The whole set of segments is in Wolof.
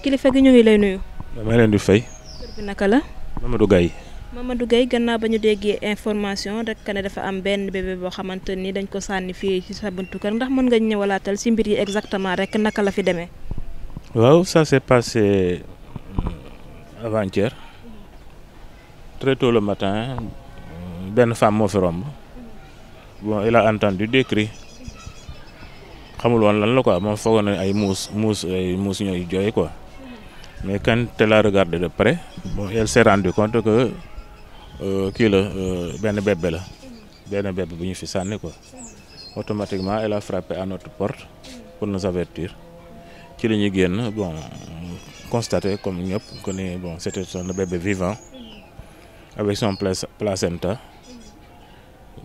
kilifa gi ñu ngi lay nuyu. maa leen di fay. tur bi naka la. Mamadou Gaye. Mamadou gannaaw ba ñu déggee information rek ne dafa am benn bébé boo xamante ni dañ ko sànni fii ci sa buntu kër ndax mën nga ñëwalaatal ci mbir yi exactement rekk naka la fi demee. waaw ça s'est passé euh, avant-hier très tôt le matin benn femme moo fi romb bon il a entendu des cris xamul woon lan la quoi moom foogoon ay muus muus ay muus ñooy jooy quoi. mais quand elle a regardé de près bon compte que euh, kii la euh, benn bébé la benn bébé bu ñu fi sànni quoi automatiquement elle a frappé à notre porte pour nous avertir ci la ñuy génn bon constaté comme ñëpp que ni bon c'était un bébé vivant avec son placenta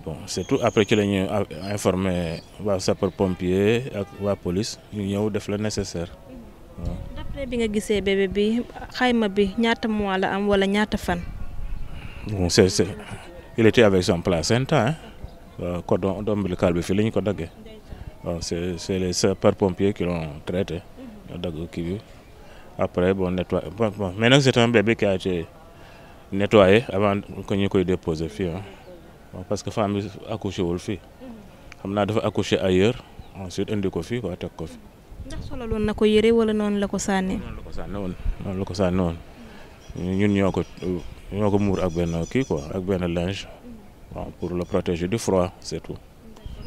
bon surtout après ci la ñuy informé waa sapeur pompier ak waa police ñu ñëw def la nécessaire bi nga gisee bébé bi xayma bi ñaata mois la am walla ñaata fan. bon c'est c'est il était avec son placenta hein waaw euh, cordon ombilical bi fii la ñu ko daggee waaw c'est c'est les par pompiers qui l'ont traité ñoo dagg kii bi après bon nettoyé bon bon mais nag c'est un bébé qui a été avant que ñu koy déposer fii ah parce que femme bi accouché wul fii xam naa dafa accouché ailleurs ensuite indi ko fii quoi teg ko fi. ndax solaloon na ko yére wala noonu la ko sànni noonu la ko sànne woon noonu la ko sànne woon ñun ñoo ko ñoo ko muur ak benn kii quoi ak benn linge waaw pour le protéger du froid c'est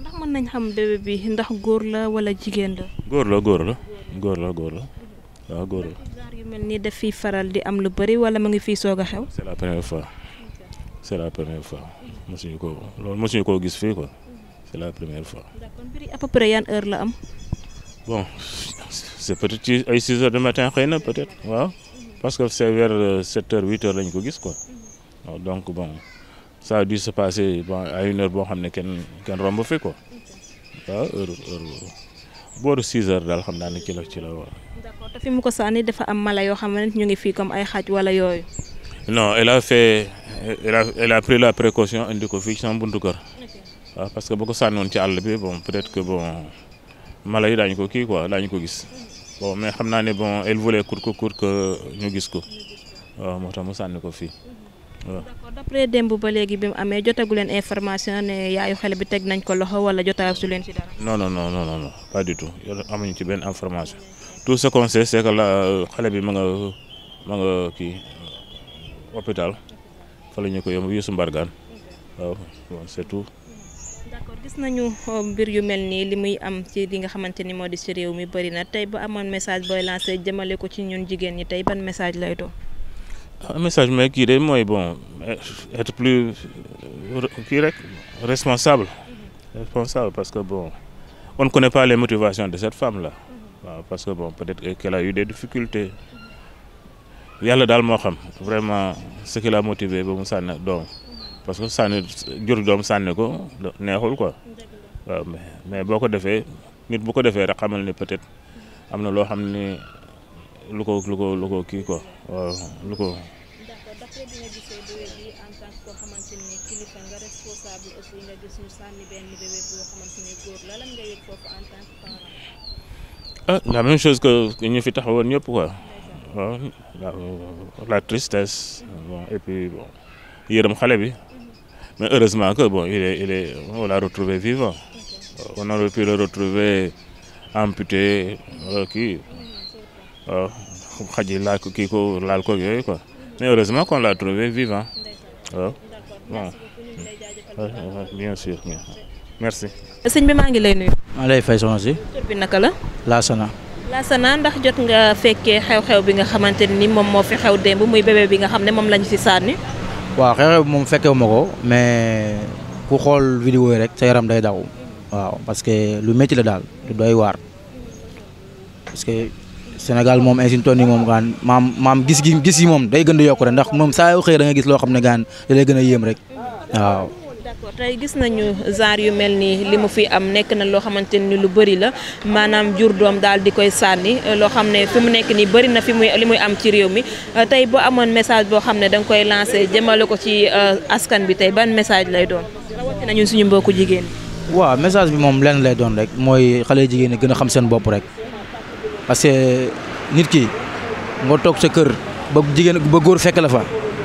ndax mën nañ xam bébé bi ndax góor la wala jigéen la. góor la góor la góor la góor la waaw góor la. genre yu mel nii daf fiy faral di am lu bëri wala mu ngi fiy soog a xew. c'est la première fois c'est la première fois mosuñu ko loolu mosuñu koo gis fii ko c'est la première fois. bon c' est peut être ay 6 heures du matin xëy na peut être waaw parce que c' est vers 7 euh, heures 8 ko gis quoi waaw donc bon ça a dû se passer bon une heure boo xam ne kenn kenn romb fi quoi waaw heure heure booru 6 heures daal xam naa ne ci la ci la war. fi mu ko sànni dafa am mala yoo xam ne ñu ngi fii ay xaj wala yooyu. non elle a fait a a pris la précaution indi ko fii sama buntu kër. waaw parce que bu ko sànnoon ci àll bi bon peut que bon. mala yi daañ ko kii ko daañu ko gis bon mais xam naa ne bon elle voulait court que court que ñu gis ko waaw moo tax mu sànni ko fii waaw. d'accord ba léegi bi mu amee jotagu leen information ne yaayu xale bi teg nañ ko loxo wala jotaay su leen ci dara. non non non pas du tout amuñu ci benn information tout ce qu'on sait c'est la xale bi ma nga ma nga kii hôpital fa la ko yomb Youssou Mbargane waaw c'est tout. d'accord gis nañu euh, mbir yu mel nii li muy am ci li nga xamante ni moo di ci réew mi bëri na tey ba amoon message booy lancé jëmale ko ci ñun jigéen ñi tey ban message lay doon. Ah, message mais kii de mooy bon être plus euh, kii rek responsable. Mhm. responsable parce que bon on ne connaît pas de cette femme la mhm. waaw parce que bon peut-être qu'elle a eu des yàlla daal moo xam vraiment ce qui l'a motivé ba mu sànni doom. parce que sànni jur doom sànni ko neexul ko waaw mais boo ko defee nit bu ko defee rek xamal ne peut-être am na loo xam ne lu ko lu ko lu ko kii quoi ko. ah la même chose que ñu fi taxawoon ñëpp quoi waaw la tristesse yërëm xale bi. Mais heureusement que bon, il est, il est, on l'a retrouvé vivant. Okay. On retrouver amputé, kii xaj laal ko ko laal ko yooyu quoi mais heureusement qu'on l'a trouvé vivant. waaw bon bien sûr merci. bi maa ngi lay nuyu. maa lay fay soxna si. la. Laasana. Laasana ndax jot nga fekkee xew-xew bi nga xamante ni moom moo fi xew démb muy bébé bi nga xam ne moom lañu fi sànni. waaw xew moom fekke ma ko mais ku xool vidéo yi rek sa yaram day daw waaw parce que lu metti la daal du doy waar parce que Sénégal moom insin toon yi moom gaan maam maam gis gi gis yi moom day gën di yokk rek ndax moom saa yoo xëy da nga gis loo xam ne gaan da lay gën a yéem rek waaw d'accord tey gis nañu genre yu mel nii li mu fi am nekk na loo xamante ni lu bëri la maanaam jur doom daal di koy sànni eh, loo xam ne fi mu nekk nii bari na fi muy li muy am ci réew mi eh, tey boo amoon message boo xam ne da nga koy lancé jëmale ko ci eh, askan bi tey ban message lay doon rawatina suñu mbokku jigéen waaw message bi moom lenn lay doon rek mooy xale jigéen gën a xam seen bopp rek parce que nit ki nga toog sa kër ba jigéen ba góor fekk la fa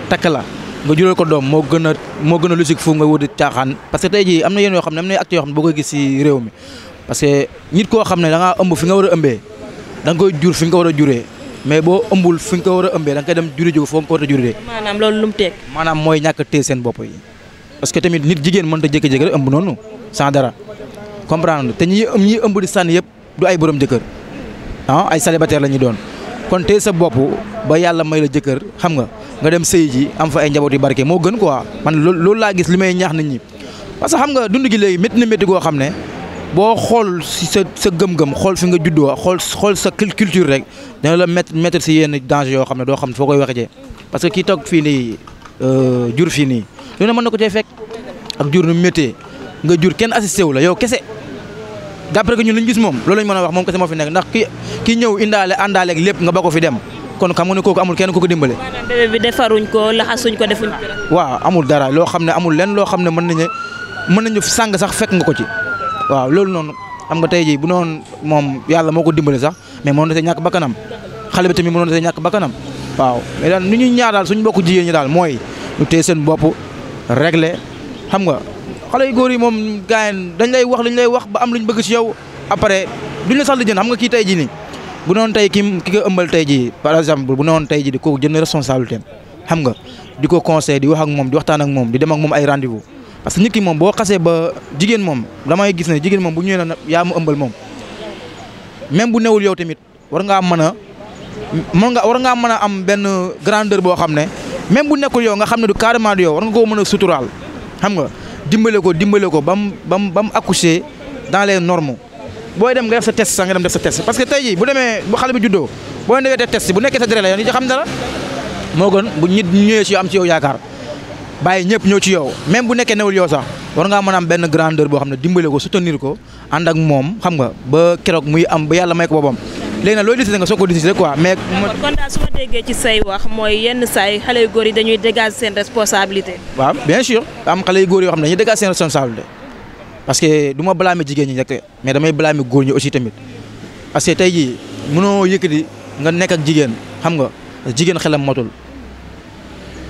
takk la nga jural ko doom moo gën a moo gën a logique fu nga wuti caaxaan parce que tey jii am na yéen yoo xam ne am na acte yoo xam ne boo koy gis si réew mi parce que nit koo xam ne danga ngaa ëmb fi nga war a ëmbee da nga koy jur fi nga ko war a juree mais boo ëmbul fi nga ko war a ëmbee da dem juri jóg foo nga ko war a juree. maanaam loolu lu mu seen bopp parce que tamit nit jigéen mën a jékki-jékki rek ëmb noonu sans dara comprendre te ñi ñi ëmb di sànni yëpp du ay borom jëkkër ah ay célibataire la ñuy doon kon téye sa bopp ba yàlla may la jëkkër xam nga nga dem sëy ji am fa ay njaboot yu barke moo gën quoi man loolu laa gis li may ñaax nit ñi parce que xam nga dund gi léegi métti na métti goo xam ne boo xool si sa sa gëm-gëm xool si nga juddoo xool xool sa culture rek dina la mettre mettre si yenn danger yoo xam ne doo xam ne foo koy waxee parce que kii toog fii nii euh, jur fii nii lu ne mën na ko cee fekk ak jur nu méttee nga jur kenn assisté wu la yow kese d'après que ñun li gis moom loolu lañ mën a wax moom kese moo fi nekk ndax ki ki ñëw indaale àndaaleeg lépp nga ba ko fi dem kon xam nga ne kooku amul kenn ku ko dimbale. maanaam bébé bi defaruñ ko laxasuñ ko defuñ ko. waaw amul dara loo xam ne amul leen loo xam ne mën nañu mën nañu sàng sax fekk nga ko ci waaw loolu noonu xam nga tey jii bu noonu moom yàlla moo ko dimbale sax mais mënoon na see ñàkk bakkanam xale bi tamit mënoon na see ñàkk bakkanam waaw mais daal nu ñuy ñaar daal suñu mbokku jigéen ñi daal mooy ñu téye seen bopp régler xam nga xale yu góor yi moom gars dañ lay wax dañ lay wax ba am luñ bëgg si yow après duñ la sax di jën xam nga kii tey jii nii bu noonu tey ki ki ko ëmbal tey jii par exemple bu noonu tey jii di ko jël responsabilité xam nga di ko conseil di wax ak moom di waxtaan ak moom di dem ak ay rendez-vous. parce que nit ki moom boo xasee ba jigéen moom damay gis ne jigéen moom bu ñëwee na yaa mu ëmbal moom même bu newul yow tamit war ngaa mën a mën nga war ngaa mën a am benn grandeur boo xam ne même bu nekkul yow nga xam ne du carrément yow war nga koo mën a suturaal xam nga dimbale ko dimbale ko ba mu ba mu accoucher dans les normes. booy dem nga def sa test sax nga def sa test parce que tey jii bu demee bu xale bi juddoo boo demee def test bu nekkee sa dere la yoon yi xam dara moo gën bu nit ñëwee si yow am ci yow yaakaar bàyyi ñëpp ñëw ci yow même bu nekkee newul yow sax war ngaa mën am benn grandeur boo xam ne dimbale ko soutenir ko ànd ak moom xam nga ba keroog muy am ba yàlla may ko boppam léegi nag looy décider nga soo ko décider quoi mais. ma déggee ci say wax mooy yenn saay xale yu góor yi dañuy dégager seen responsabilité. waaw bien sûr am xale yu góor yoo xam ne dañuy dégager seen responsabilité parce que du ma blâmer jigéen ñi rek mais damay balaame góor ñi aussi tamit parce que tey jii mënoo di nga nekk ak jigéen xam nga jigéen xelam matul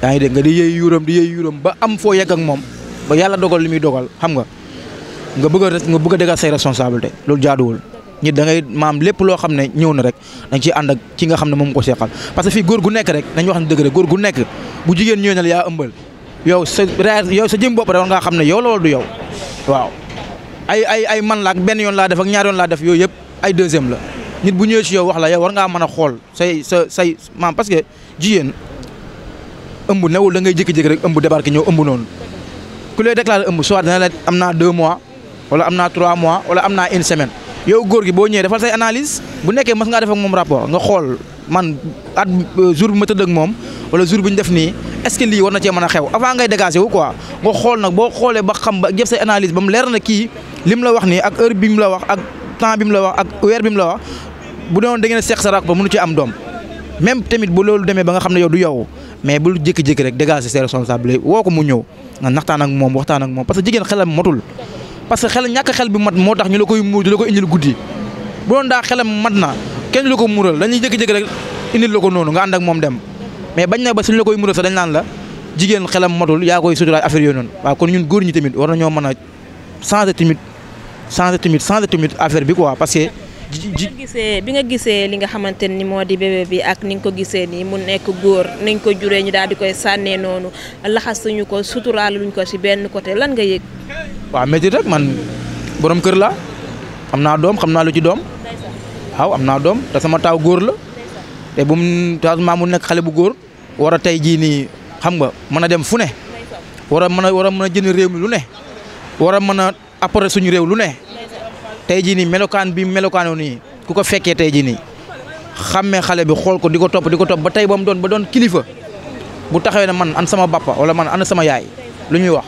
yaa ngi dégg nga di yëy yuuram di yëy yuuram ba am foo yegg ak moom ba yàlla dogal li muy dogal xam nga nga bëgg a nga bëgg a dégal say responsabilité loolu jaaduwul nit dangay maam lépp loo xam ne ñëw na rek dañ ci ànd ak ki nga xam ne moom ko seexal parce que fii góor gu nekk rek nañ wax ne dëgg rek góor gu nekk bu jigéen ñëwee na yaa ëmbal yow sa yow sa jëm bopp rek war xam ne yow la wala yow ay ay ay man la benn yoon laa def ak ñaar yoon laa def yooyu yëpp ay deuxième la nit bu ñëwee ci yow wax la yow war ngaa mën a xool say sa say maam parce que jigéen ëmb newul da ngay jékki rek ëmb débarqué ñëw ëmb noonu ku lay déclaré ëmb soit dana am naa deux mois wala am naa trois mois wala am naa une semaine yow góor gi boo ñëwee defal say analise bu nekkee mas ngaa def ak moom rapport nga xool man at euh, jour bi ma tëdd moom wala jour bi ñu def nii est lii war na cee mën a xew avant ngay dégager wu quoi nga xool boo xoolee ba xam ba jëf say ba mu leer na kii lim la wax ni ak heure bi mu la wax ak temps bi mu la wax ak weer la wax bu doon da ngeen a seq sa rakk ci am doom même tamit bu loolu demee ba nga xam ne yow du yow mais bul jékki-jékki rek dégager ses responsabilités woo ko mu ñëw nga naxtaan moom waxtaan ak moom parce que jigéen xelam motul. parce que xel ñàkk xel bi mat moo tax ñu la koy muur di la ko indil guddi bu doon daa xelam mat na kenn la jékki-jékki rek indi la ko noonu nga ànd ak moom dem mais bañ na ba suñ la koy muural sax dañ naan la jigéen xelam matul yaa koy suturaay affaire yooyu noonu waaw ñun góor ñi tamit war nañoo mën a changer tamit changer tamit changer tamit affaire bi quoi parce que. bi nga gisee bi nga gisee li nga xamante ni moo di bébé bi ak ni nga ko gisee nii mu nekk góor nañ ko juree ñu daal di koy sànnee noonu laxasuñu ko suturaal luñ ko si benn côté lan nga yëg. waa métti rek man borom kër la am naa doom xam naa lu ci doom waaw am naa doom te sama taaw góor la te bu mu maa mu nekk xale bu góor war a tey jii nii xam nga mën a dem fu ne war a mën a war a mën a jënd réew mi lu ne war a mën a apporter suñu réew lu ne. tey jii nii melokaan bi melokaanoo nii ku ko fekkee tey jii nii xàmmee xale bi xool ko di ko topp di ko topp ba tey ba mu doon ba doon kilifa bu taxawee na man an sama bappa wala man ana sama yaay lu ñuy wax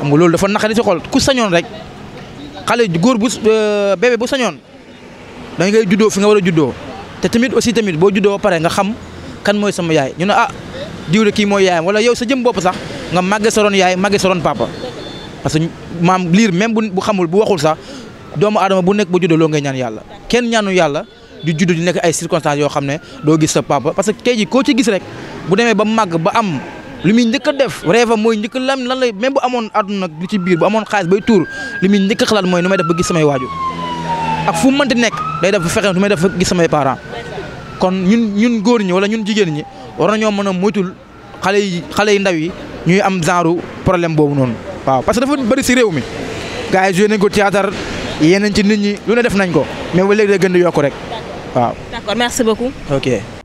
xam nga loolu dafa naqari si xool ku sañoon rek xale góor bu euh, bébé bu sañoon da ngay juddoo fi nga war a juddoo te tamit aussi tamit boo juddoo ba pare nga xam kan mooy sama yaay ñu ne ah diw de kii mooy yaayam wala yow sa jëm bopp sax nga màgge sa roon yaay màgge sa roon parce que maam liir même bu xamul bu waxul sax doomu aadama bu nekk ba juddoo loo ngay ñaan yàlla kenn ñaanu yàlla di juddu di nekk ay circonstances yoo xam ne doo gis sa papa parce que tey ji koo ci gis rek bu demee ba màgg ba am li muy njëkk def rêve am mooy njëkk lam lan lay même bu amoon àdduna li ci biir bu amoon xaalis bay tuur li muy njëkk a xalaat mooy nu may def ba gis samay waajur ak fu mu mënti nekk day def fexe nu may def ba gis samay parents kon ñun ñun góor ñi wala ñun jigéen ñi war nañoo mën a moytul xale yi xale yi ndaw yi ñuy am genre problème boobu noonu waaw parce que dafa bëri mi gars ko théâtre yeneen ci nit ñi lu ne def nañ ko mais ba léegi day gën di yokk rek waaw. d'accord merci beaucoup. ok.